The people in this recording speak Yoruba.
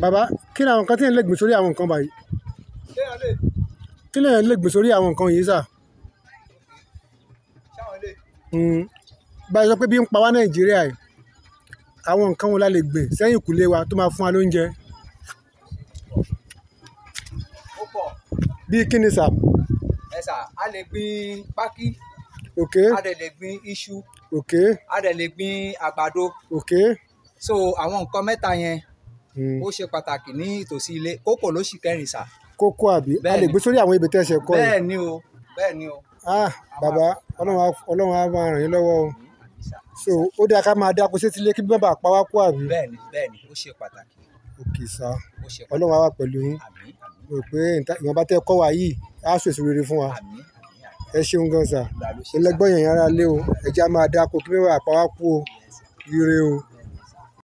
baba kí ni àwọn nǹkan tí ẹ̀ ń lè gbìn sórí àwọn nǹkan báyìí kí ni ẹ̀ ń lè gbìn sórí àwọn nǹkan yìí sà. Hmm. báyìí sọ pé bí ń pa wá nàìjíríà yìí àwọn nǹkan wo la lè gbìn sẹ́yìn ìkùlé wa tó máa fún wa lóúnjẹ. bíi kí ni sà. ẹ sà a lè gbin pákí. ok a dẹ̀ lè gbin iṣu. ok a dẹ̀ lè gbin àgbàdo. ok so àwọn nǹkan mẹ́ta yẹn ó ṣe pàtàkì ní ìtòsí ilé kókò ló sì kẹrin sà. kókò àbí a lè gbé sórí àwọn ibi tẹ́ kọ́ yìí. bẹ́ẹ̀ o bẹ́ẹ̀ o. ah baba ọlọ́run á máa ràn yín lọ́wọ́ o so ó dáa ká máa dáko sétí lé kí bí bàbá pàwá kó àbí. bẹ́ẹ̀ni bẹ́ẹ̀ni ó ṣe pàtàkì. òkè sá ọlọ́run á wà pẹ̀lú yín mo rò pé ìwọ̀nba tẹ́ kọ́ wa yìí á sọ èso rere fún wa ẹ ṣeun gan sà ẹlẹgbọ́n yẹn ara lé o já máa dáko kí bí bàbá pàwá kú o ire o.